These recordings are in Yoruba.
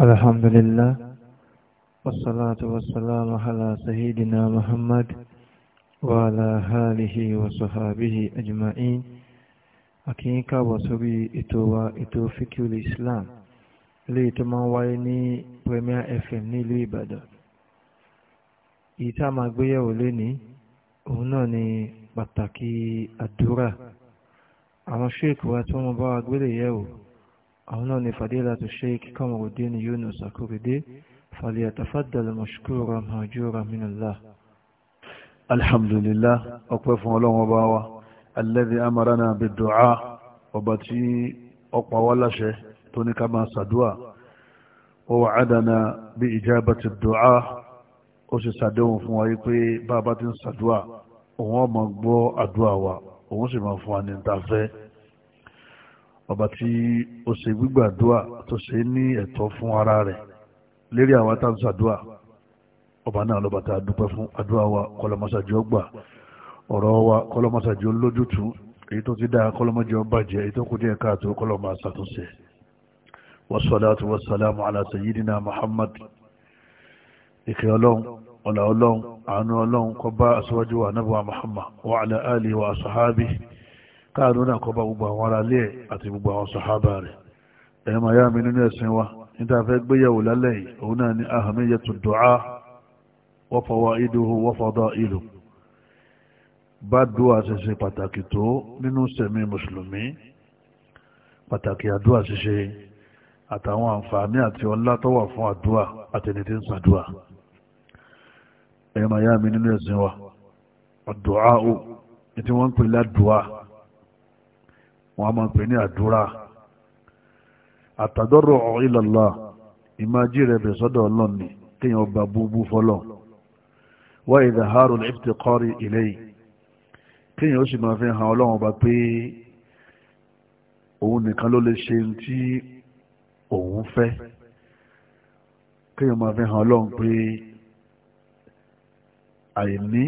الحمد لله والصلاة والسلام على سيدنا محمد وعلى آله وصحابه أجمعين أكيكا وصبي إتوى إتو فكر الإسلام lè tó máa ń wáyé ní Premier FM nílùú Ìbàdàn èyí tá a máa gbéyẹ̀wò lónìí òun náà ni pàtàkì àdúrà àwọn ṣéèkì wa tí wọ́n bá wa gbélé yẹ̀wò àwọn náà ni fadilatu sheik Kamaruddin Yunus Akorede falyatafaddal mashkura mahjura minallah alhamdulillah ọpẹ́ fún ọlọ́run ọba wa alladhi amarana bid-du'a ọba tí ọpa wá láṣẹ tó ní ká máa sàdúà ó wà ádàna bí ijabati du'a ó sì sàdéhùn fún wa yí pé bá a bá ti ń sàdúà òun ọmọ gbọ́ àdúà wa òun sì máa fún wa ní ta fẹ́ ọba tí ó ṣe gbígbàdúà tó ṣe ní ẹ̀tọ́ fún ara rẹ̀ lérí àwa tá ń ṣàdúà ọba náà lọ́ba tá a dúpẹ́ fún àdúà wa kọlọmọṣàjọ gbà ọ̀rọ̀ wa kọlọmọṣàjọ lójútùú èyí tó ti dáa kọlọmọjọ bàjẹ́ èyí tó kù díẹ̀ káàtó kọlọmọ àṣàtúnṣe wasalaatu wasalaamu ala sayyidina muhammad ìkẹ́ ọlọ́run ọ̀là ọlọ́run àánú ọlọ́run kó bá wa nábì wa muhammad wa ala alihi wa ashabihi káàdó náà kọ́ bá gbogbo àwọn ará ilé ẹ̀ àti gbogbo àwọn sàhábà rẹ̀ ẹ̀yìn máa yá mi nínú ẹ̀sìn wa níta fẹ́ gbéyàwó lálẹ́ yìí òun náà ni ahamiyatu du'a wa fawaiduhu wa fadailuhu bá dúà ṣíṣe pàtàkì tó nínú sẹ̀mí mùsùlùmí pàtàkì àdúà ṣíṣe àtàwọn àǹfààní àti ọlá tó wà fún àdúà àtẹni tí ń sàdúà ẹ̀yìn yá mi nínú ẹ̀sìn wa àdúà ó ní tí wọ́n ń pè ládùúà wọ́n a máa pè ní àdúrà àtàdọ́rọ̀ ìlàlá ìmájí rẹ̀ bẹ̀ sọ́dọ̀ ọlọ́ni kíyàn ọba búbú fọ́lọ̀ wá ìdáhàrùn ìfìtìkọ́rí ilẹ̀ kíyàn ó sì máa fi hàn ọlọ́run ọba pé òun nìkan ló lè ṣe tí òun fẹ́ kíyàn máa fi hàn ọlọ́run pé àìní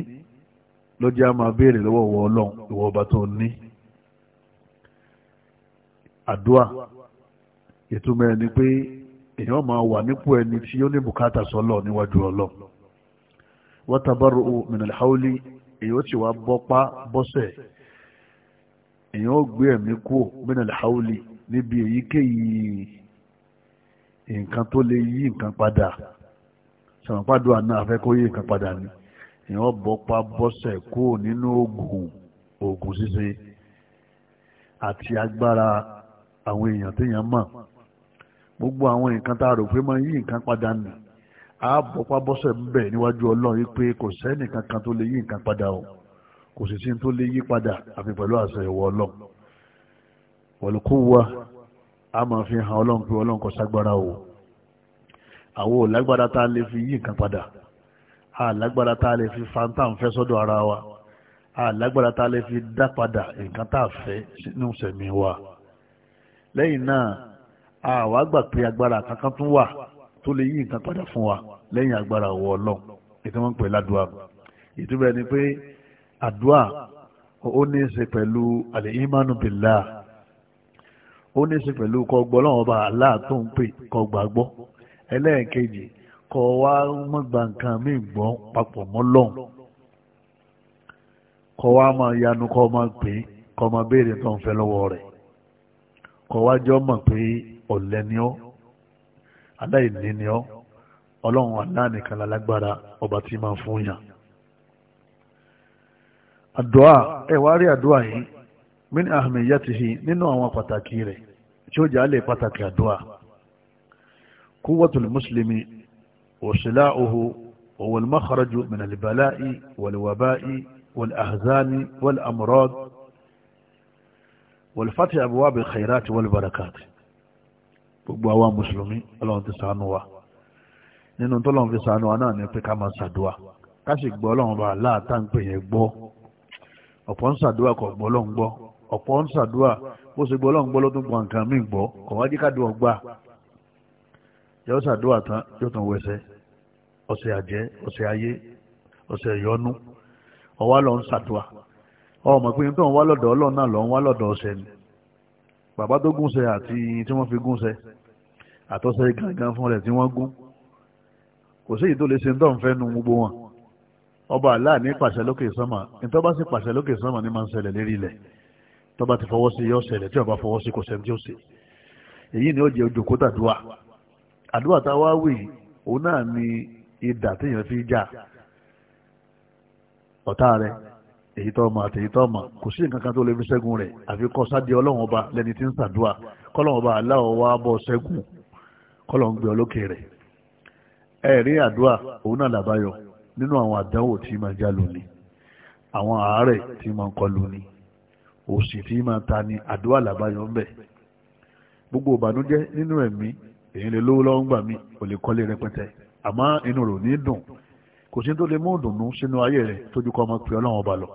ló jẹ́ a béèrè lọ́wọ́ ọlọ́run ìwọ ọba tó ní àdúà ìtumọ̀ ẹ̀ ni pé èèyàn máa wà nípò ẹni tí ó ní bùkátà sọ́lọ̀ níwájú ọlọ́ wọ́tàbárò mìnàlì haúlí èèyàn ti wá bọ́pá bọ́sẹ̀ èèyàn ó gbé ẹ̀mí kú mìnàlì haúlí níbi èyíkéyìí nǹkan tó lè yí nǹkan padà sàmàpàdù àná àfẹ́kọ́ yí nǹkan padà ni èèyàn bọ́pá bọ́sẹ̀ kú nínú oògùn oògùn ṣíṣe àti agbára àwọn èèyàn téèyàn mọ̀ gbogbo àwọn nǹkan tá a rò pé máa yí nǹkan padà nù àbọ̀pá bọ́sẹ̀ ń bẹ̀ níwájú ọlọ́run yìí pé kò sẹ́nì kankan tó lè yí nǹkan padà o kò sì sí tó lè yí padà àfi pẹ̀lú àṣẹ ìwọ ọlọ́run wọ̀lùkú wa a máa fi hàn ọlọ́run pé ọlọ́run kò ságbára o àwọn ò tá a lè fi yí nǹkan padà a lágbára tá a lè fi fanta ń fẹ́ ara wa a lágbára tá a lè fi dá padà nǹkan tá a fẹ́ sínú sẹ̀mí wa. lẹ́yìn náà àwa gbà pé agbára kankan tún wà tó lè yí nǹkan padà fún wa lẹ́yìn agbára ọwọ́ ọlọ́run ètò wọn ń pè ládùá ìtumọ̀ ẹni pé àdúà ó ní í ṣe pẹ̀lú àlè ìmánu bìlá ó ní í ṣe pẹ̀lú kọ́ gbọ́ lọ́wọ́ bá Allah tó ń pè kọ́ gbàgbọ́ ẹlẹ́ẹ̀kejì kọ́ wá mọ́gbà nǹkan míì gbọ́ papọ̀ mọ́ lọ́hùn kọ́ wá máa yanu kọ́ máa pè kọ́ máa béèrè tó ń fẹ́ lọ́wọ́ rẹ̀ kọ́ wájọ́ mọ̀ pé ọ̀lẹ ni ọ́ aláìní ni ọ́ ọlọ́run aláàníkan lálágbára ọba tí máa fún yàn. àdúà ẹ wá rí àdúà yìí min ahmiyatihi nínú àwọn pàtàkì rẹ̀ tí ó jẹ́ àlẹ́ pàtàkì àdúà quwwatul muslimi wa sila'uhu huwa al-makhraju min al wọlfàtí àbúwá bẹ xayira ti wọlé barakati gbogbo àwa mùsùlùmí ọlọ́run ti ṣàánú wa nínú tọ́lọ́run fi ṣàánú wa náà ní pé ká máa ṣàdúà ká sì gbọ́ ọlọ́run bá aláàtà ń pè yẹn gbọ́ ọ̀pọ̀ ń ṣàdúà kò gbọ́ ọlọ́run gbọ́ ọ̀pọ̀ ń ṣàdúà bó ṣe gbọ́ ọlọ́run gbọ́ ló tún gbọ́ nǹkan míì gbọ́ kò wá jí kádùn ọgbà yóò ṣàdúà tán yóò tún wẹsẹ̀ ọ̀sẹ̀ àjẹ́ ọ̀sẹ̀ ayé ọ̀sẹ̀ ìyọnu ọ̀wá lọ ń ṣàdúà ọmọ pé tó ń wá lọ́dọ̀ ọlọ́run náà lọ́n wá lọ́dọ̀ ọ̀sẹ̀ ni bàbá tó gúnṣẹ àti tí wọ́n fi gúnṣẹ àtọ́sẹ̀ gangan fún rẹ̀ tí wọ́n gún kò sí èyí tó lè ṣe ń tọ́nfẹ́ nu gbogbo wọn ọba aláà ní pàṣẹ lókè sánmà nítorí bá sì pàṣẹ lókè sánmà ní máa ń ṣẹlẹ̀ lérí ilẹ̀ tó bá ti fọwọ́ sí yọ ṣẹlẹ̀ tí ọba fọwọ́ sí kò sẹ́ni tí ó ṣe èyí ni ó jẹ́ ojú kóta àdúrà àdúrà tá a wá wì òun náà ni idà téèyàn fi já ọ̀tá rẹ̀ èyí tó ọmọ àtẹ̀yí tó ọmọ kò sí nǹkan kan tó lè fi ṣẹ́gun rẹ̀ àfi kọ́ sáde ọlọ́run ọba lẹni tí ń ṣàdúà kọ́lọ́run ọba aláwọ̀ wá bọ́ ṣẹ́gun kọ́lọ́run gbé ọlókè rẹ̀ ẹ àdúà òun náà làbáyọ nínú àwọn àdánwò tí máa já lóni àwọn àárẹ̀ tí máa ń kọ lóni òsì tí máa ta ni àdúà làbáyọ ń bẹ̀ gbogbo ìbànújẹ́ nínú ẹ̀mí èyí lè lówó lọ́wọ́ gbà mí ò lè kọ́lé rẹpẹtẹ àmọ́ inú rò ní dùn kò sí tó lè mú ìdùnnú sínú ayé rẹ̀ tójú kọ́ ọmọ pé ọlọ́run ọba lọ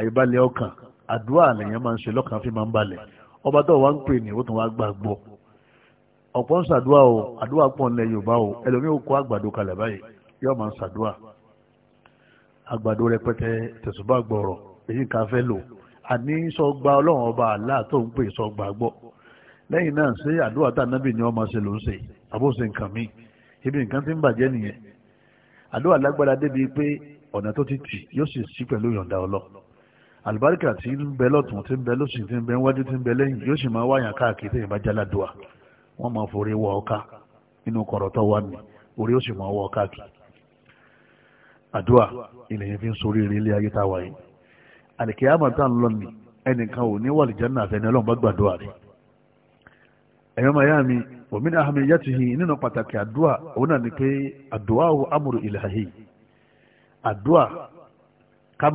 àyíbalẹ̀ ọkàn àdúrà lèyàn máa ń ṣe lọ́kàn fi máa ń balẹ̀ ọba tó wá ń pè ní ó tún gbàgbọ́ ọ̀pọ̀ ń ṣàdúrà o àdúrà pọ̀ nílẹ̀ yorùbá o ẹlòmíì ó kó àgbàdo kalẹ̀ báyìí yóò máa ń ṣàdúrà àgbàdo rẹpẹtẹ tẹ̀sùbá gbọ̀rọ̀ èyí ká fẹ́ lò àní sọgbà ọlọ́run ọba àlá tó ń pè sọgbà gbọ́ lẹ́yìn náà ṣé àdúrà tá nábì ni ọmọ ṣe ló ń ṣe àbóṣe nǹkan míì ibi nǹkan àlùbáríkà ti ń bẹ lọ́tún tí ń bẹ tin tí ń bẹ wájú tí ń bẹ lẹ́yìn yóò sì máa wáyàn káàkiri tẹ̀yìn bá jálá dùà wọ́n máa forí wọ ọ̀ka inú wà orí sì máa wọ kì. àdúà ilẹ̀ yẹn fi ń sorí eré ilé ayé táwa yìí àlìkíyàmá tá à ń lọ ní ẹnìkan ò ní náà ọlọ́run bá rẹ̀ ẹ̀yọ́ máa yá mi nínú pàtàkì àdúà òun náà ni pé àdúà ò amúrò ìlàhì àdúà ká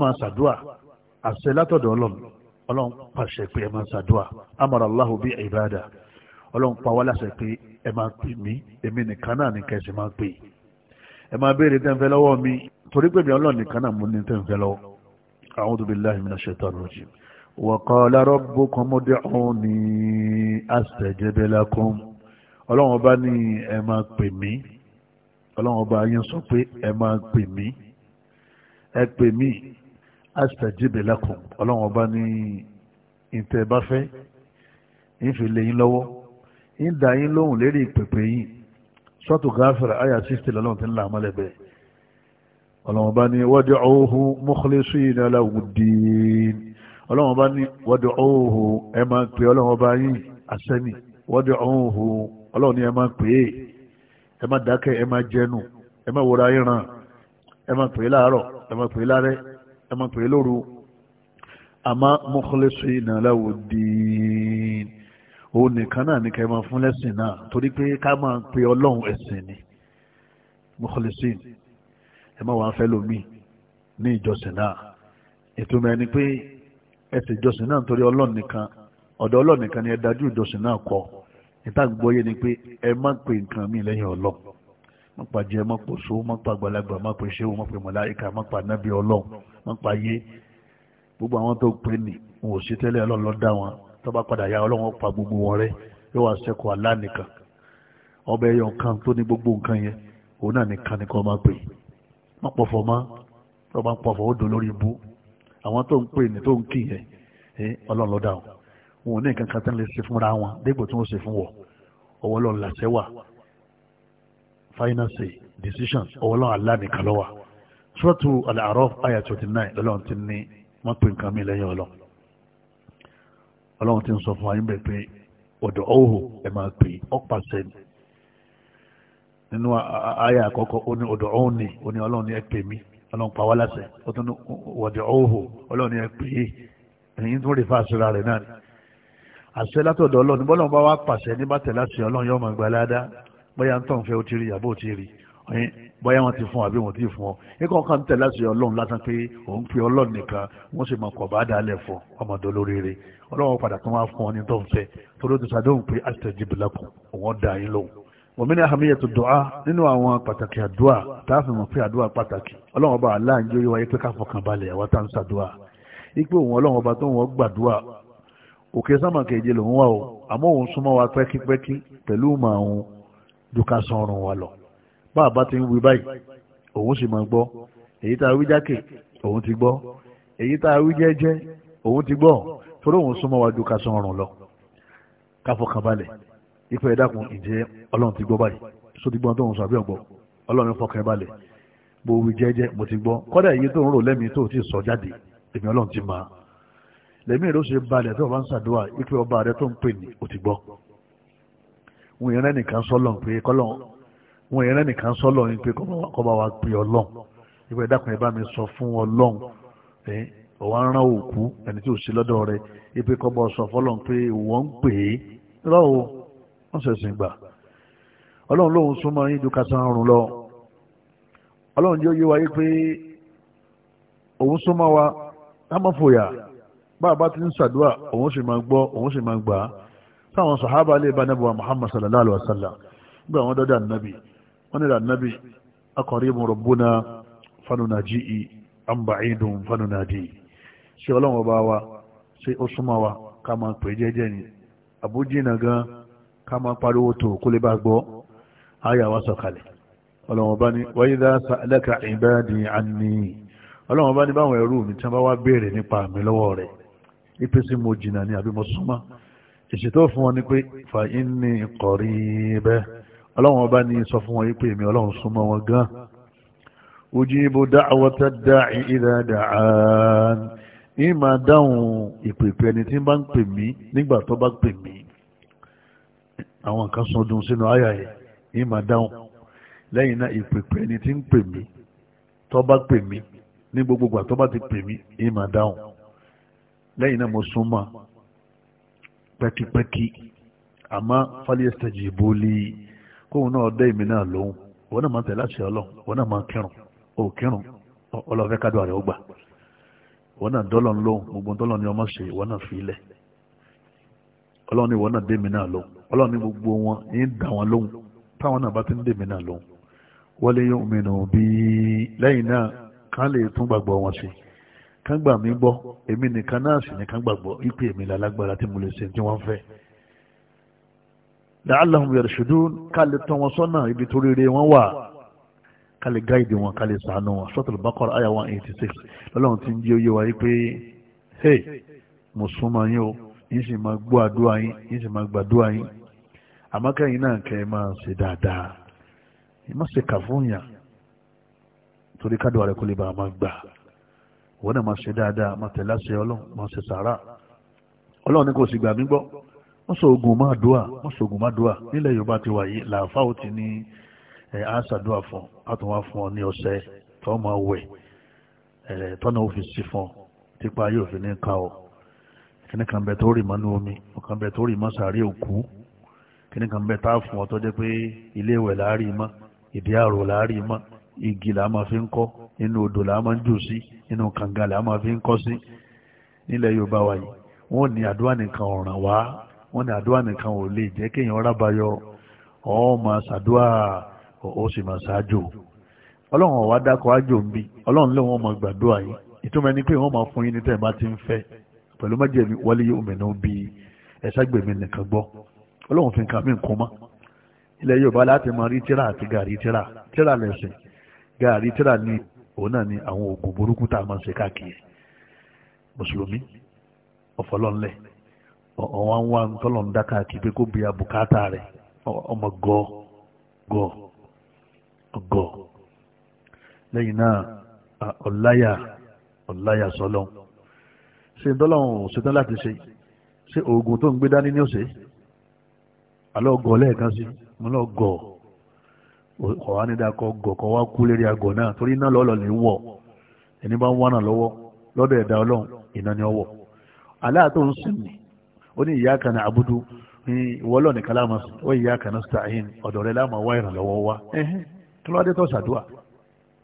àṣẹ látọ̀dọ̀ ọlọ́run ọlọ́run pàṣẹ pé ẹ máa ṣàdúà amara Allahu bí ìbáàdà ọlọ́run pa wá láṣẹ pé ẹ máa pè mí èmi nìkan náà ní kẹsì máa pè ẹ máa béèrè tẹ́ǹfẹ́ lọ́wọ́ mi torí pé mi ọlọ́run nìkan náà mo ní tẹ́ǹfẹ́ lọ́wọ́ a'udhu billahi minash shaitani rajim wa qala rabbukum ud'uni astajib lakum ọlọ́run ọba ní ẹ máa pè mí ọlọ́run ọba yẹn sọ pé ẹ máa pè mí ẹ pè mí astajib lakum ọlọ́run ọba ní ìtẹ́ bá fẹ́ ìfi lè yín lọ́wọ́ ń dà yín lóhùn lérí ìpèpè yín sọ́tù gáfẹ́rẹ́ àyà sísè lọ́lọ́run ti ń là mọ́lẹ́bẹ̀ ọlọ́run ọba ní ní wad'uhu ẹ máa pè yín ẹ má dákẹ́ ẹ má jẹnu ẹ má wọra ìran ẹ má pè é láàárọ̀ ẹ má pè é lárẹ́ ẹ máa pè é lóru àmọ́ mukhlisina lahu ddin òun nìkan náà ní ká ẹ máa fún lẹ́sìn náà torí pé ká máa pe ọlọ́run ẹ̀sìn ni mukhlisin ẹ máa wà á fẹ́ lómi ní ìjọsìn náà ètò mi ẹni pé ẹsẹ̀ ìjọsìn náà nítorí ọlọ́run nìkan ọ̀dọ̀ ọlọ́run nìkan ni ẹ dájú ìjọsìn náà kọ níta gbọ́yé ni pé ẹ má pe nǹkan mi lẹ́yìn ọlọ́run má pa jẹ má pòṣó má pa àgbàlagbà má pe ṣéwó nábì ọlọ́run wọ́n pa ayé gbogbo àwọn tó pè ní wọn ò ṣe tẹ́lẹ̀ ọlọ́run ló dá wọn tó bá padà ya ọlọ́run pa gbogbo wọn rẹ yóò wá ṣẹ́kù Allah nìkan ọba ẹyọ kan tó ní gbogbo nǹkan yẹn òun náà nìkan ni kò máa pè má pọ̀fọ̀ má tó bá ń pọ̀fọ̀ ó dò lórí ibú àwọn tó ń pè ní tó ń kì yẹn ọlọ́run ló dá wọn wọn ò ní nǹkan kan tó ń lè ṣe fúnra wọn dégbò tí wọ́n ṣe fún wọ ọwọ́ làṣẹ wà finance decisions ọwọ́ ọlọ́run nìkan ló wà sọ́tù al-A'raf àyà twenty nine lọ́lọ́run ti ní wọ́n pè nǹkan mi lẹ́yìn ọlọ́ ọlọ́run ti ń sọ fún wa yín bẹ́ẹ̀ pé ọ̀dọ̀ ọ̀hún ẹ̀ máa pè ọ̀pàṣẹ nínú àyà àkọ́kọ́ ó ní ọ̀dọ̀ ọ̀hún ni ó ní ọlọ́run ni ẹ pè mí ọlọ́run pa wá láṣẹ ó tún ní ọ̀dọ̀ ọ̀hún ọlọ́run ni ẹ pè é ẹ̀yìn tún rí fáṣọra rẹ̀ náà àṣẹ látọ̀dọ̀ ọlọ́run bọ́lá bá bóyá wọn ti fún àbí wọn ti fún ọ ikọ̀ kan tẹ̀ láti ọlọ́run lásán pé òun pe ọlọ́run nìkan wọ́n sì máa kọ̀ bá dalẹ̀ fún ọmọdé olóríire ọlọ́run padà tún wá fún ọ ní tóun fẹ́ torí ti sàdéhùn pé astajib lakum òun dà yín lóhùn. òmìnira hamiyatu du'a nínú àwọn pàtàkì àdúà táàfin mọ̀ pé àdúà pàtàkì ọlọ́run ọba aláǹjẹ́ yóò wáyé pé káfọ́ àwọn tá wa pẹ́kípẹ́kí pẹ̀lú màá òun dùkà bá àbá ti ń wí báyìí òun sì máa gbọ́ èyí tá a wí jákè òun ti gbọ́ èyí tá a wí jẹ́jẹ́ òun ti gbọ́ torí òun súnmọ́ wa ju kásán ọrùn lọ káfọkànbalẹ̀ ife ẹ̀dàkùn ìjẹ́ ọlọ́run ti gbọ́ báyìí só ti gbọ́n tó ń sọ àbí ọ̀gbọ́ ọlọ́run fọkàn balẹ̀ bó wí jẹ́jẹ́ mo ti gbọ́ kọ́dà èyí tó ń rò lẹ́mìí tó ti sọ jáde èmi ọlọ́run ti máa lẹ́mí ìlú ṣe balẹ̀ tó bá ń ṣàdúrà ipe ọba rẹ tó ń pè ní o ti gbọ́ wọn yẹn lẹ́nìkan sọ́lọ́n pé kọ́lọ́n wọn yẹn lẹ́nìkan sọ́lọ́ ni pé kọ́ba wa pè ọlọ́n ìgbà ìdákùnrin bá mi sọ fún ọlọ́n ẹ ọ̀wá ń rán òkú ẹni tí ò sí lọ́dọ̀ rẹ ipe kọ́ba sọ fọlọ́n pé wọ́n ń pè é lọ́wọ́ wọ́n ṣẹ̀ṣìn gbà ọlọ́run lóhun súnmọ́ yín ju kásán rùn lọ ọlọ́run jẹ́ oyé wa pé òun súnmọ́ wa ká bá a bá ti ń ṣàdúrà òun sì máa gbọ́ òun sì máa gbà á táwọn sàhábà lè bá nàbẹ̀wá Muhammad sallallahu alayhi wa sallam gbé àwọn dọ́dà nàbì wọ́n nílò ànábì akọ̀rìbùn rọ̀bùnà fanunàjì àmbàìdùn fanunàdì ṣe ọlọ́run ọba wa ṣe ó súnmọ́ wa ká máa ni àbújínà gan ká máa pariwo tó kó lè bá gbọ́ wa ni ibadi anni ọlọ́run ni báwọn ẹrú mi tí wọ́n bá wá mo ni mo ni pé fa ọlọ́run ọba ní sọ fún wọn yí pé èmi ọlọ́run súnmọ́ wọn gan ujibu da'wata da'i idha da'an ní máa dáhùn ìpèpè ẹni tí bá ń pè mí nígbà tó bá pè mí àwọn kan sọ dùn sínú àyà yẹ ní máa dáhùn lẹ́yìn náà ìpèpè ẹni tí ń pè mí tó bá pè mí ní gbogbo ìgbà bá ti pè mí ní máa dáhùn lẹ́yìn náà mo súnmọ́ pẹ́kípẹ́kí àmọ́ fálíẹ́sítẹ́jì ìbólì kóun náà dé èmi náà lóhun òun náà máa ń tẹ̀lé àṣẹ ọlọ́run òun náà máa ń kírun kírun ọlọ́fẹ́ ó gbà òun náà dọ́lọ́n gbogbo dọ́lọ́n ni ọmọ ṣe ìwọ náà fi ilẹ̀ ọlọ́run ni ìwọ náà dé gbogbo wọn ní dà wọn lóhun táwọn náà bá ti ń dé èmi náà wọlé yóò bí lẹ́yìn náà kán lè tún gbàgbọ́ wọn ṣe kán gbà mí gbọ́ èmi nìkan náà sì ní kán gbàgbọ́ èmi tí la'allahum yarshudun kálẹ̀ tán wọn sọ́nà ibi tó rere wọn wà kálẹ̀ gáìdì wọn kálẹ̀ sànù wọn suratul Baqara àyà 186 lọ́lọ́run ti ń jẹ́ oyé wa yí pé hey mùsùlùmá yín o yín sì máa gbọ́ àdúrà yín yín sì máa gbàdúrà yín àmọ́ kẹ́yìn náà kẹ́ ẹ máa ṣe dáadáa ẹ má ṣe kà fún yàn torí kádùn ààrẹ kò lè bá a máa gbà wọn náà máa ṣe dáadáa máa tẹ̀lé àṣẹ ọlọ́run máa ṣe sàárà ọlọ́run ní kò sì gbà mí gbọ́ wọ́n sọ ogun máa dùà wọ́n sọ ogun máa dùà nílẹ̀ yorùbá ti wà yìí làáfà ò ti ní ẹ̀ á ṣàdúà fún a tún wá fún ọ ní ọṣẹ tó máa wẹ̀ ẹ̀ tọ́nà òfin sí fún ọ tipa yóò fi ní ka ọ kíní kan bẹ tó rì mọ́ ní omi ọ̀kan bẹ tó rì mọ́ sàárè òkú kíní kan bẹ tá fún ọ tó jẹ́ pé ilé ìwẹ̀ láàárí mọ́ ìdí àrò láàárí mọ́ igi là máa fi ń kọ́ inú odò là máa ń jù sí inú kànga là máa fi ń kọ́ sí nílẹ̀ yorùbá wa yìí wọ́n ní àdúrà nìkan ọ̀ràn wá wọ́n ní àdúrà nìkan ò lè jẹ́ kéèyàn rábàyọ ọ́ máa ṣàdúrà ó sì máa ṣáájò ọlọ́run ọ̀wá dákọ̀ ájò ń bí ọlọ́run lé wọn máa gbàdúrà yìí ìtumọ̀ ẹni pé wọ́n máa fún yín ní tẹ̀má ti ń fẹ́ pẹ̀lú májèmí wọlé yóò mẹ́nu bí ẹ̀ṣágbèmí nìkan gbọ́ ọlọ́run fi nǹkan mí kún mọ́ ilẹ̀ yorùbá láti máa rí tíra àti gàrí tíra tíra lẹ́sìn gàrí tíra ní òun náà ni àwọn oògùn burúkú tá a máa ń ṣe káàkiri mùsùlùmí ọ̀fọlọ́nlẹ̀ ọ̀wọ́n nwa wá tọ́lọ̀ ń dá káàkiri ọmọ gọ gọọ náà ọ̀láyà ọ̀láyà sọlọ ṣe tọ́lọ́hún ṣetán láti ṣe ṣe oògùn tó ń gbé dání ní ọ̀sẹ̀ alọ́ lẹ́ẹ̀kan sí mo lọ wá kú lérí agọ̀ náà torí iná wọ̀ ó ní ìyá kan àbúdú ní ìwọ́lọ̀ nìkan láàmú ó ìyá kan nasta'in ọ̀dọ̀ rẹ̀ láàmú wá ìrànlọ́wọ́ wá kí ló dé tó ṣàdúà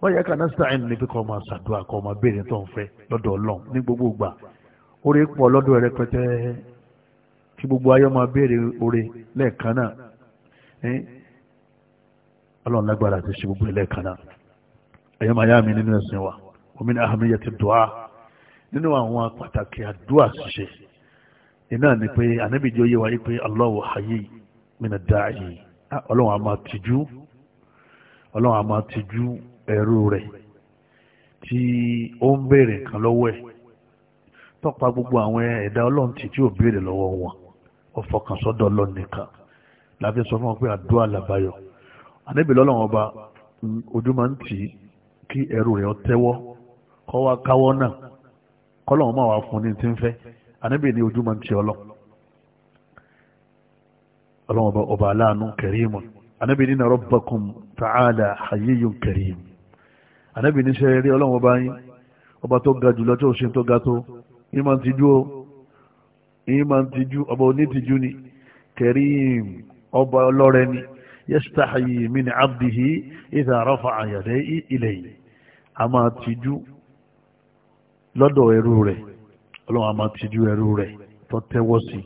wọ́n ìyá kan nasta'in ní pé kọ́ máa ṣàdúà kọ́ máa béèrè tó ń fẹ́ lọ́dọ̀ ọlọ́run ní gbogbo ìgbà orí pọ̀ lọ́dọ̀ rẹ̀ pẹ́tẹ́ kí gbogbo ayọ́ máa béèrè orí lẹ́ẹ̀kan náà ọlọ́run lágbára àti ṣe gbogbo náà ẹ̀yọ́ máa yá mi nínú ẹ̀sìn wa omi ní ahamiyẹ ti nínú àwọn pàtàkì àdúà ṣiṣẹ́ iná ni pé ànábì jẹ́ oyé wáyé pé Allahu hayy mina da'i ah, ọlọ́run a máa tìjú ọlọ́run a máa tìjú ẹrú rẹ̀ tí ó ń béèrè nǹkan lọ́wọ́ ẹ̀ tọ́pa gbogbo àwọn ẹ̀dá ọlọ́run tì tí ò béèrè lọ́wọ́ wọn ó fọkàn sọ́dọ̀ ọlọ́run nìkan láti sọ fún wọn pé àdúrà làbáyọ ànábì lọ́lọ́run ọba ojú máa ń tì í kí ẹrú rẹ̀ ọ tẹ́wọ́ kọ́ wá káwọ́ náà kọ́lọ́run máa wá fún ní ti ń fẹ́ ànábì ní ojú máa ń ti ọlọ ọlọ́wọ́n ọba ọba aláàánú kẹrìmù ànábì ní nàró bàkùn tààlà hayíyùn kẹrìmù ànábì ní sẹ́yìn rí ọlọ́wọ́n ọba yín ọba tó ga jùlọ tó ṣe tó ga tó yín máa ń tijú o yín máa ń tijú ọba onítìjú ni kẹrìmù ọba ọlọ́rẹ ni yastahi min abdihi idha rafa'a yadayhi ilayhi a máa tijú lọ́dọ̀ ẹrú rẹ̀ ọlọ́run a máa tijú ẹrú rẹ̀ tó tẹ́wọ́ sí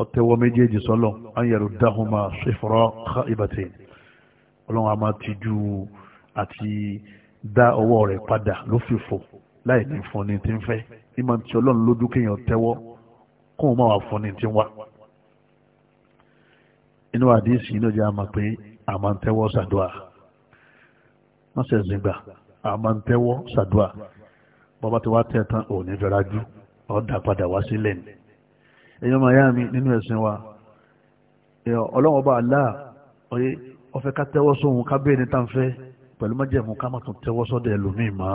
ọtẹ́wọ́ méjèèjì sọ́lọ̀ ayẹ̀rù dáhùnmá ṣèfọ́rọ́ ìbàtẹ̀ ọlọ́run a máa tijú àti dá ọwọ́ rẹ̀ padà lófìfò láì ní fún ni tí ń fẹ́ ìmọ̀ tí ọlọ́run lójú kéèyàn tẹ́wọ́ kóun máa wà fún ni tí ń wá inú àdísì inú jẹ́ àmà pé àmà ń tẹ́wọ́ sàdúà wọ́n ṣẹ̀ zìgbà àmà ń tẹ́wọ́ sàdúà bọ́bá ti wá tẹ̀ tán òun ní fẹ́ra jù ọ̀dà padà wá sílẹ̀ ni èèyàn máa yá mi nínú ẹ̀sìn wa ọlọ́wọ́n bá aláà ọyẹ ọfẹ́ ká tẹ́wọ́ sóhun ká bẹ́ẹ̀ ní tá n fẹ́ pẹ̀lú májẹ̀mú ká má tún tẹ́wọ́ sọ́dọ̀ ẹlòmíì mọ́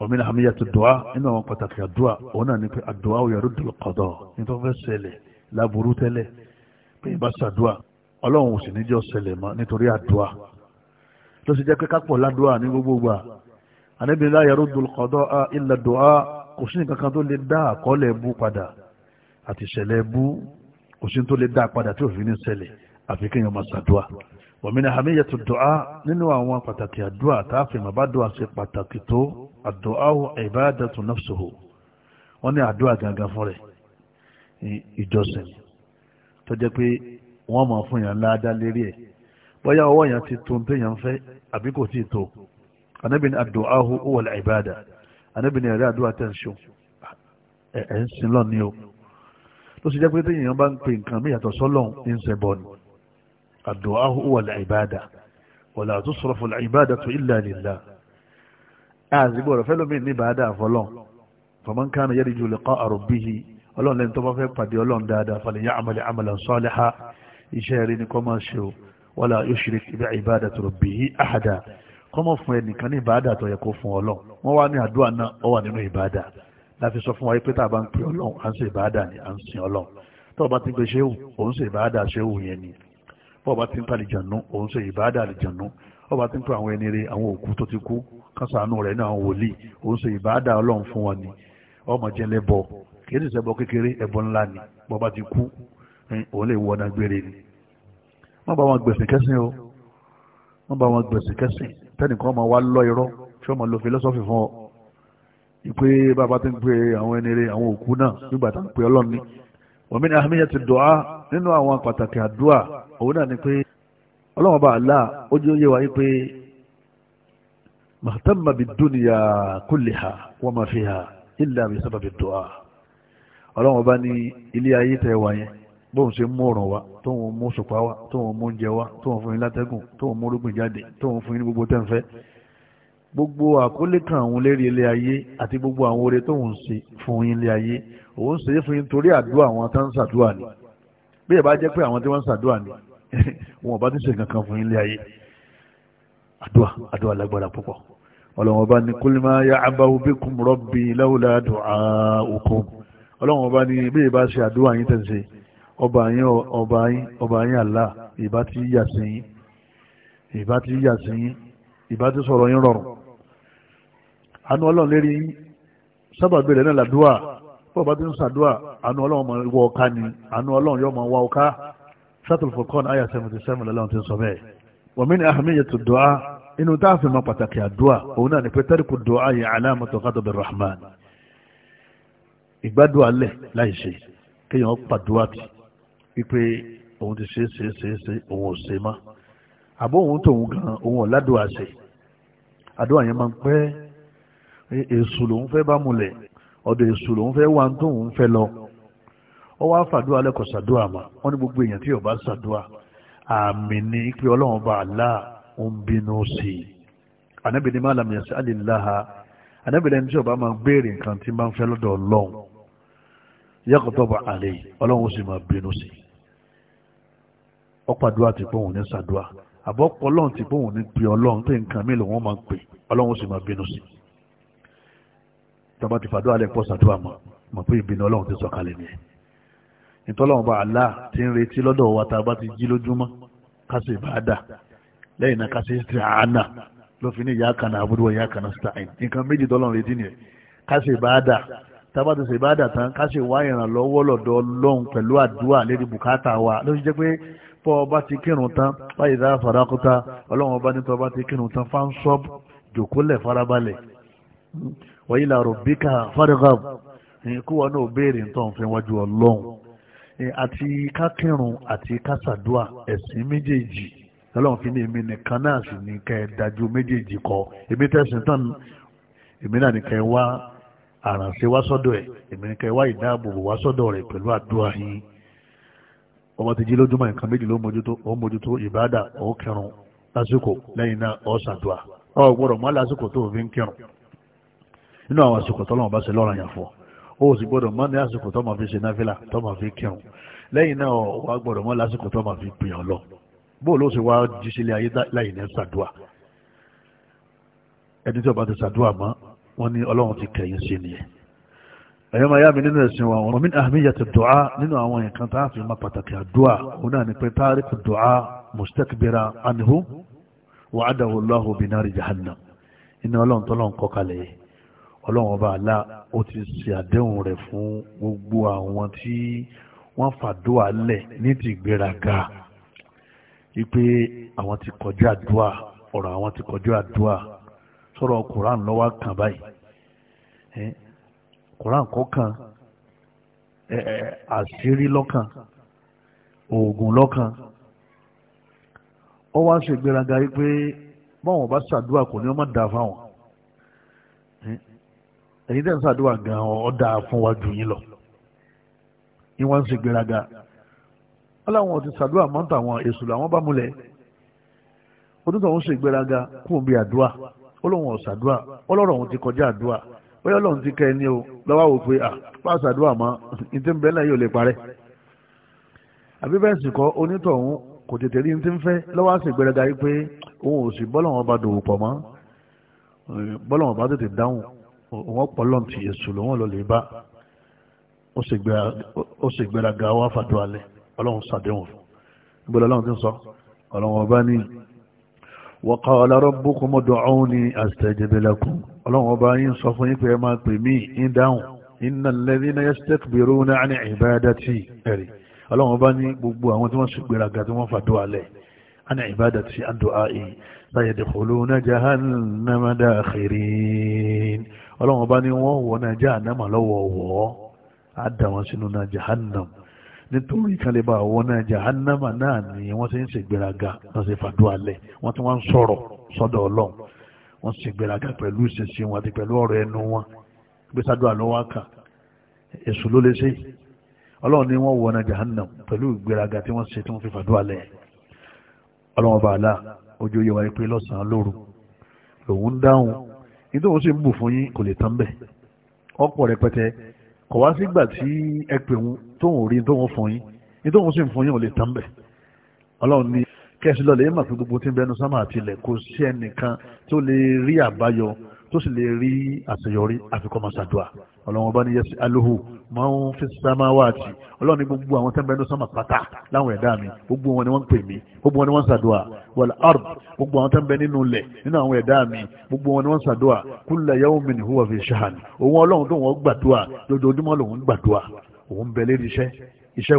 ọmọnìyàn hamiya ti dùá nínú àwọn pàtàkì àdúà òun náà ní pé àdúà ò yẹrù dùn kọ̀dọ̀ nítorí wọ́n fẹ́ ṣẹlẹ̀ láburú tẹ́lẹ̀ pé ìbá ṣàdúà ọlọ́run ò sì níjọ́ ṣẹlẹ̀ mọ́ nítorí àdúà ló jẹ́ pé kápọ̀ ládùá ní gbogbo àníbi láyẹrù dùn kọ̀dọ̀ ilẹ̀ dùá kò sí nǹkan kan tó lè dá àkọọ́lẹ̀ bú padà àti ìṣẹ̀lẹ̀ bú kò sí tó lè dá padà tí òfin ní ṣẹlẹ̀ àfi kéèyàn máa ṣàdúà wọ̀mí ni àmì yẹtù dùá nínú àwọn pàtàkì àdúà táàfin bàbá dùá ṣe pàtàkì tó àdùá ìbádàtù nafsuhu wọ́n ní àdúà gangan fún rẹ̀ ìjọsìn tó jẹ́ pé wọ́n máa fún yàn ládàá lérí ẹ̀ bóyá ọwọ́ yẹn ti tó ń téèyàn fẹ́ àbí kò tí ì tó ànábì ní anábìíní ẹ̀rí àdúrà tẹ̀ ń ṣe ẹ̀ ń sin lọ́ọ̀ ni o ló sì jẹ́ pé téèyàn bá ń pè nǹkan mí yàtọ̀ sọ́lọ́n ń ṣe bọ̀ ni àdúà huwa al-ibada wala tusrafu al-ibadatu illa lillah àzìgbò rẹ̀ fẹ́lómi ní bàádà àfọlọ́n faman kana yarju liqa'a rabbih ọlọ́run lẹ́ni tó bá fẹ́ pàdé ọlọ́run dáadáa falya'mal 'amalan salihan iṣẹ́ rí ni kọ́ máa ṣe o wala yushrik bi ibadati rabbih ahada kọ́mọ̀ fún ẹnìkan ní ìbáàdà tó yẹ kó fún ọlọ́run wọ́n wá ní àdúrà náà ó nínú ìbáàdà láti sọ fún wa pé tá a bá ń pè ọlọ́run à ń ṣe ìbáàdà ni à ń sin ọlọ́run tó o bá ti ń pe ṣéwù ò ń ṣe ìbáàdà ṣéwù yẹn ni bó o bá ti ń palẹ̀ jànú ò ń ṣe ìbáàdà lè jànú ó bá ti ń pe àwọn ẹni rẹ àwọn òkú tó ti kú kásánù rẹ̀ náà wòlíì ò ń ṣe ìbáàdà ọlọ́run fún wọn ni ọmọ jẹlẹ bọ kì í sì ṣẹbọ kékeré ẹbọ ni bó o bá ti kú òun lè wọ ọ̀nà gbére ni wọ́n bá wọn gbèsè kẹ́sìn o wọ́n bá wọn gbèsè tẹ́nìkan máa wá lọ irọ́ tí wọ́n máa lo philosophy fún ọ ìpè bàbá tó ń pè àwọn ẹni rẹ àwọn òkú náà nígbà tá à ń pè ọlọ́run ní wọ́n mi ní ahamiya ti dùn á nínú àwọn pàtàkì àdúrà òun náà ni pé ọlọ́run bá àlá ó jẹ́ òye wa yìí pé mahtamma bi dúnìyà kulliha wa ma fiha illa bi sábàbí dùn á bá ní ilé ayé tẹ̀ wáyé bóun ṣe mú ọ̀ràn wa tóun mú ṣùpá wa tóun mú oúnjẹ wa tóun fún yín látẹ́gùn tóun mú orúgbìn jáde tóun fún yín ní gbogbo tẹ́ǹfẹ́ gbogbo àkólé kan àwọn lérí ilé ayé àti gbogbo àwọn oore tóun ṣe fún yín ilé ayé òun ṣe é fún yín torí àdúrà àwọn tá ń ṣàdúrà ni bí ẹ bá jẹ́ pé àwọn tí wọ́n ń ṣàdúrà ni wọn ò bá ti ṣe nǹkan fún yín ilé ayé àdúrà àdúrà lágbára púpọ̀ ọlọ́wọ́n bá ní kul ma ya'ba'u bikum rabbi lawla du'a'ukum ọlọ́wọ́n bá ní bí ẹ bá ṣe àdúrà yín tẹ̀sí ọba yín ọba yín ọba yín àlá ìbá ti yà sí yín ìbá ti yà sí yín ìbá ti sọ̀rọ̀ yín rọrùn àánú ọlọ́run lérí yín sábàbí rẹ̀ náà làdúà bọ́ọ̀ bá ti ń sàdúà àánú ọlọ́run máa wọ ọ̀ká ni àánú ọlọ́run yóò máa wá ọ̀ká sátìlù fọ̀kọ́n àyà seventy seven lọ́lọ́run ti ń sọ bẹ́ẹ̀ wọ̀mí ni ahmiyatu du'a inú tá a fi máa pàtàkì àdúà òun náà ni pé tẹ́rìkù du'a yẹ alámọ̀tò kádọ̀bẹ̀ rahman ìgbádùn alẹ̀ láì ṣe kéèyàn pàdúà tì wípé òun ti ṣe ṣe ṣe ṣe òun ò ṣe mọ́ àbó òun tòun gan òun ọ̀làdùn àṣẹ àdúrà yẹn máa ń pẹ́ èṣù lòun fẹ́ bá mulẹ̀ ọ̀dọ̀ èṣù lòun fẹ́ wá tóun fẹ́ lọ ó wá fàdúrà lẹ́kọ̀ọ́ sàdúrà mà wọ́n ní gbogbo èèyàn tí yóò bá sàdúrà àmì ní pé ọlọ́run bá àlá ń bínú sí i ànábìrin má làmì ẹ̀sẹ̀ àlè láha ànábìrin ẹni tí yóò bá máa béèrè nǹkan tí máa ń fẹ́ lọ́dọ̀ ọlọ́run yàgòdòbò àlè ọlọ́run sì máa bínú sí ọ̀pàdúrà ti pọ̀ òun ní sàdúrà àbọ̀ ọlọ́run ti pọ̀ òun ní pè ọlọ́run pé nǹkan mi lòun máa ń pè ọlọ́run sì máa bínú sí tọ́ba ti fàdúrà lẹ̀ pọ̀ sàdúrà mọ̀ mọ̀ pé ìbínú ọlọ́run ti sọ̀kalẹ̀ nìyẹn ìtọ́lọ́run bá àlá ti ń retí lọ́dọ̀ wa tá a bá ti jí lójúmọ́ ká sì bá dà lẹ́yìn náà ká sì ti tábà ti ṣe ìbáàdà tán ká ṣe wá ìrànlọ́wọ́ lọ́dọ̀ ọlọ́run pẹ̀lú àdúrà lérí bùkátà wa ló ṣe jẹ́ pé fọ́ ọba ti kírun tán báyìí dá fàdákúta ọlọ́run ọba nítorí ọba ti kírun tán fáńsọ́ọ̀bù jòkólẹ̀ farabalẹ̀ wọ́n ilà rọ̀bíkà fárẹ́gà kó wọn náà béèrè nǹkan òfin wájú ọlọ́run àti ká kírun àti ká ṣàdúà ẹ̀sìn méjèèjì ọlọ́run fi ní èmi nìkan náà sì ní kẹ́ ẹ̀ dájú méjèèjì kọ èmi tẹ̀sìn tán èmi náà nìkan wá àrànṣe wá sọ́dọ̀ ẹ̀ èmi ní kẹ́ wá ìdáàbòbò wá sọ́dọ̀ rẹ̀ pẹ̀lú àdúrà yín ọmọ ti jí lójúmọ́ nǹkan méjì ló mójútó ó mójútó ìbáàdà ó kẹrùn lásìkò lẹ́yìn náà ó ṣàdúà ọ gbọ́dọ̀ mọ́ lásìkò tó fi ń kẹrùn nínú àwọn àsìkò tọ́lọ́mọba ṣe lọ́ràn yàn fún ọ ó sì gbọ́dọ̀ mọ́ ní àsìkò tó máa fi ṣe náfìlà tó máa fi kẹrùn lẹ́yìn náà wá gbọ́dọ̀ mọ́ lásìkò tó máa fi gbìyàn lọ bó ló ṣe wá jíṣẹ́lẹ̀ ayé láyìn náà ṣàdúà ẹni tí ọba ti ṣàdúà mọ́ wọ́n ní ọlọ́run ti kẹ̀yìn sí ni ẹ̀yọ́ máa yá mi nínú ẹ̀sìn wa wọn min ahmiyati du'a nínú àwọn nǹkan tá a fi máa pàtàkì àdúà òun náà ni pé tariku du'a mustakbira anhu wa adahu Allahu bi nari jahannam iná ọlọ́run tó lọ́n kọ́kalẹ̀ yìí ọlọ́run ọba àlá ó ti ṣe àdéhùn rẹ̀ fún gbogbo àwọn tí wọ́n fàdúà lẹ̀ ní ti gbéraga wípé àwọn ti kọjá àdúà ọ̀rọ̀ àwọn ti kọjá àdúà sọ̀rọ̀ kuran lọ́wọ́ kan báyìí Quran kọ̀ọ̀kan àṣírí lọ́kàn oògùn lọ́kàn ó wá ṣe gbéraga yìí pé báwọn bá ṣàdúrà kò ní ọmọ dáa fáwọn ẹ̀yin tẹ́ ń ṣàdúrà gan ọ́ dáa fún wa jù yín lọ ni wọ́n ń ṣe gbéraga wọ́n láwọn ti ṣàdúrà mọ́tò àwọn èṣù làwọn bá múlẹ̀ onítọ̀ ń ṣe gbéraga kúrò àdúrà olóhùn ọ̀sàdúà ọlọ́rọ̀ òun ti kọjá àdúà bóyá ọlọ́run ti kẹ́ ẹni o lọ́wọ́ wò pé à bá ṣàdúà mọ́ ní tí ń bẹ náà yóò lè parẹ́ àbí bẹ́ẹ̀ sì kọ́ onítọ̀hún kò tètè rí ní tí ń fẹ́ lọ́wọ́ àṣẹ ìgbéraga yìí pé òun ò sì bọ́lọ̀wọ́n bá dòwò pọ̀ mọ́ eh, bọ́lọ̀wọ́n bá tètè dáhùn òun ọ̀pọ̀ lọ́n ti èṣù lòun lọ lè bá ó sì gbéraga wá fàdúrà lẹ̀ ọlọ́run ṣàdéhùn ọlọ́run ti ń sọ ọlọ́run ọba ní وقال ربكم ادعوني استجب لكم اللهم باين صفوني في ما قمي ان داون ان الذين يستكبرون عن عبادتي اري اللهم باني gbogbo àwọn tí wọ́n ṣùgbéra ga tí wọ́n fàdúwà lẹ̀ ana ibadati an du'ai sayadkhuluna jahannama dakhirin ọlọ́run bá ní wọ́n wọ́n náà jahannama lọ́wọ́wọ́ á dà wọ́n sínú náà jahannama nítorí kálíbà àwọn náà jahannama náà ni wọ́n ti ń ṣègbéraga wọ́n ti fàdúrà lẹ̀ wọ́n ti wọ́n ń sọ̀rọ̀ sọ́dọ̀ ọlọ́run wọ́n ṣègbéraga pẹ̀lú ìṣesí wọn àti pẹ̀lú ọ̀rọ̀ ẹnu wọn gbé sádùá lọ́wọ́ àkà èṣù ló lè ṣe ọlọ́run ni wọ́n wọ̀nà jahannam pẹ̀lú ìgbéraga tí wọ́n ṣe tí wọ́n fi fàdúrà lẹ̀ ọlọ́run bàálà ojú yẹ wáyé pé lọ́sàn-án lóru lòun dáhùn nítorí ó sì ń bù fún yín kò lè kò wá sígbà tí ẹ pè wọn tóun rí tóun fún yín ní tóun sì ń fún yín ò lè tán bẹ̀ ọlọ́run ní kẹ́sì lọ́lẹ̀ yẹn mà gbogbo tí ń bẹnu sámà àti ilẹ̀ kò sí ẹnìkan tó lè rí àbáyọ tó sì lè rí àṣeyọrí àfikọ́ máa ṣàdúà ọlọ́run bá ní yẹsí alóhù máa ń fi sámáwáàtì ọlọ́run ní gbogbo àwọn tẹ́ńbẹ́ ní sọ́mà pátá láwọn ẹ̀dá mi gbogbo wọn ni wọ́n ń pè mí gbogbo wọn ni wọ́n ń ṣàdúà wal ard gbogbo àwọn tẹ́ńbẹ́ nínú ilẹ̀ nínú àwọn ẹ̀dá mi gbogbo wọn ni wọ́n ń ṣàdúà kulla yawmin huwa fi sha'n òun ọlọ́run tó wọ́n gbàdúà lójoojúmọ́ lòun gbàdúà òun bẹ lérí iṣẹ́ iṣẹ́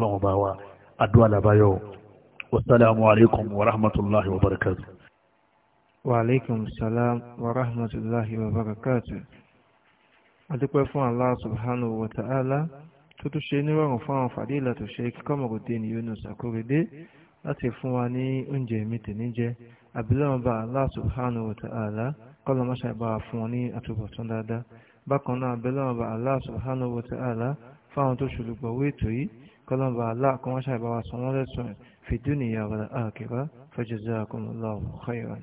wo àdúrà làbáyọ wasalaamu alaykum wa rahmatulahi wa barakatu. wa aleykum salaam wa rahmatulahi wa barakatu. a dúpẹ́ fún allah subhanahu wa ta'ala tó tún ṣe nírọ̀rùn fún àwọn fadilatu Sheikh Kamarudeen Yunus Akorede láti fún wa ní oúnjẹ mi tèmi jẹ bá Allah subhanahu wa ta'ala kọ́lọ̀ máṣe bá fún wọn ní àtúbọ̀tán dáadáa bákan náà àbílẹ̀wọ̀n bá Allah subhanahu wa ta'ala fáwọn tó ṣùlùgbọ̀ wéètò yìí kọ́lọ́n bá aláàkọ́ wọ́n ṣàìbáwá sanwó lẹ́sùn fìdúnìyà wal akhirah fajazakumullahu khairan